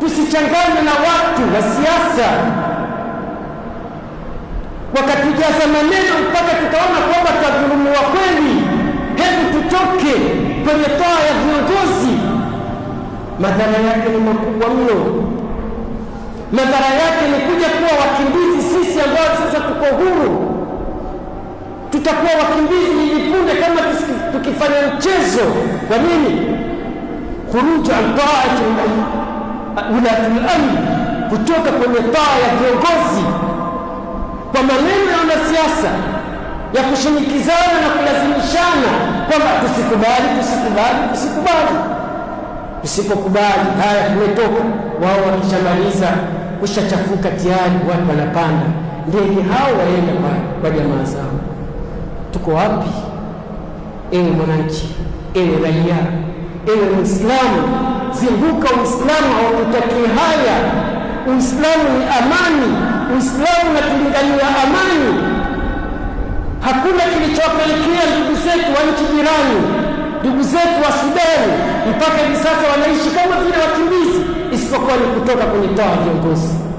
tusichanganye na watu wa siasa wakatujaza maneno mpaka tukaona kwamba twadhulumiwa kweli. Hebu tutoke kwenye toa ya viongozi. Madhara yake ni makubwa mno. Madhara yake ni kuja kuwa wakimbizi sisi, ambao sasa tuko huru, tutakuwa wakimbizi ilipunde kama tukifanya mchezo. Kwa nini? khuruju an taati llahi ulatul amri kutoka kwenye taa ya viongozi, kwa maneno ya wanasiasa ya kushinikizana na kulazimishana kwamba tusikubali, tusikubali, tusikubali. Tusipokubali haya tumetoka. Wao wakishamaliza kushachafuka tiari watu wanapanda ndege, hao waenda kwa jamaa zao. Tuko wapi, ewe mwananchi, ewe raia? Ewe Muislamu, zinduka. Uislamu haututakie haya. Uislamu ni amani. Uislamu unatulingania amani. Hakuna kilichowapelekea ndugu zetu wa nchi jirani, ndugu zetu wa Sudani, mpaka hivi sasa wanaishi kama vile wakimbizi, isipokuwa ni kutoka kwenye toa viongozi